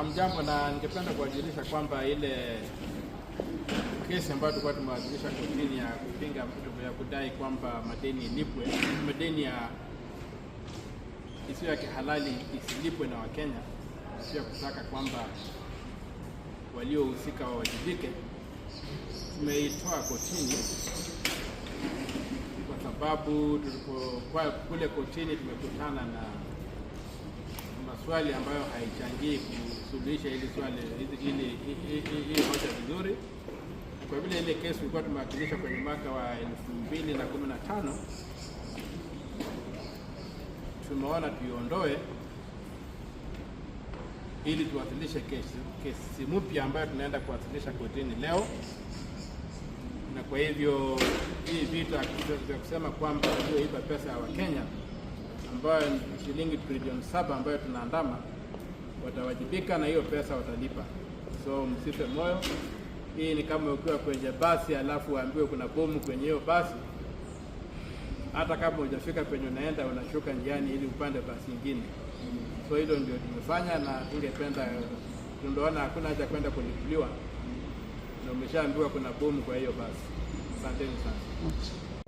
mjambo na ningependa kuwajulisha kwamba ile kesi ambayo tulikuwa tumewasilisha kotini ya kupinga ya kudai kwamba madeni ilipwe, madeni ya isiyo ya kihalali isilipwe na Wakenya, pia kutaka kwamba waliohusika wawajibike, tumeitoa kotini kwa sababu tulipokuwa kule kotini tumekutana na maswali ambayo haichangii kusuluhisha hili swali hii hoja vizuri. Kwa vile ile kesi ilikuwa tumewakilisha kwenye mwaka wa 2015 tumeona tuiondoe ili tuwasilishe kesi, kesi mpya ambayo tunaenda kuwasilisha kotini leo, na kwa hivyo hii vita vya kusema kwamba walioiba pesa ya Wakenya ambayo ni shilingi trilioni saba ambayo tunaandama, watawajibika na hiyo pesa watalipa. So msife moyo. Hii ni kama ukiwa kwenye basi alafu uambiwe kuna bomu kwenye hiyo basi. Hata kama hujafika kwenye unaenda, unashuka njiani ili upande basi ingine. So hilo ndio tumefanya, na tungependa tundoona, hakuna haja kwenda kulipuliwa na umeshaambiwa kuna bomu kwa hiyo basi. Asanteni sana.